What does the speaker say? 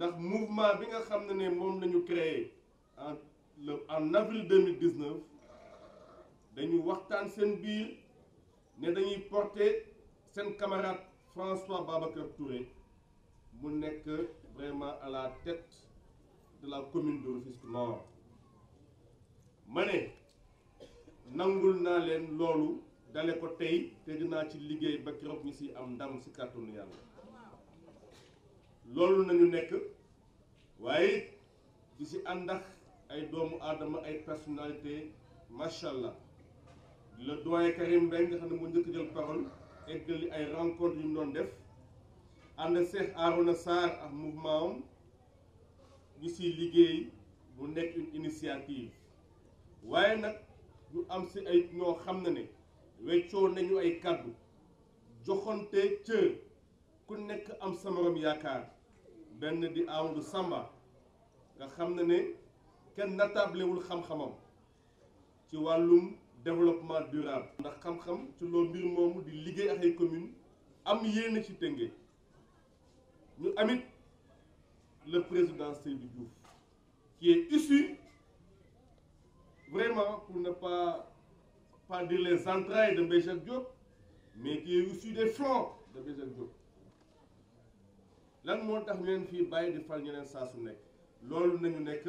ndax mouvement bi nga xam ne moom la ñu créé en le en avril 2019 dañu waxtaan seen biir ne dañuy porter seen camarade François Babacar Touré mu nekk vraiment à la tête de la commune de Rufisque Nord ma ne nangul naa leen loolu dale ko tey te dinaa ci liggéey ba keroog ñu si am ndam si kàttanu yàlla loolu nañu nekk waaye di si àndax ay doomu aadama ay personnalité macha allah le doyen Karim Mbengue nga xam ne mu njëkk jël parole eggali ay rencontre yu mu doon def ànd Cheikh Arouna Sarr ak mouvement am ñu si liggéey bu nekk une initiative waaye nag ñu am si ay ñoo xam ne ne weccoo nañu ay kàddu joxante cër ku nekk am sa morom yaakaar ben di Amadou Samba nga xamné ne ne kenn nattablewul xam-xamam ci walum développement durable ndax xam-xam ci lo mbir momu di liggéey ak ay commune am yéne ci Tëngéej ñu amit le président Seydou Diouf qui est issu vraiment pour ne pas pas dire les entrailles de Mbéjac Diop mais qui est issu des flancs de Mbéjac Diop lan moo tax ñu leen fii bàyyi di fal ñeneen saa su nekk loolu nañu nekk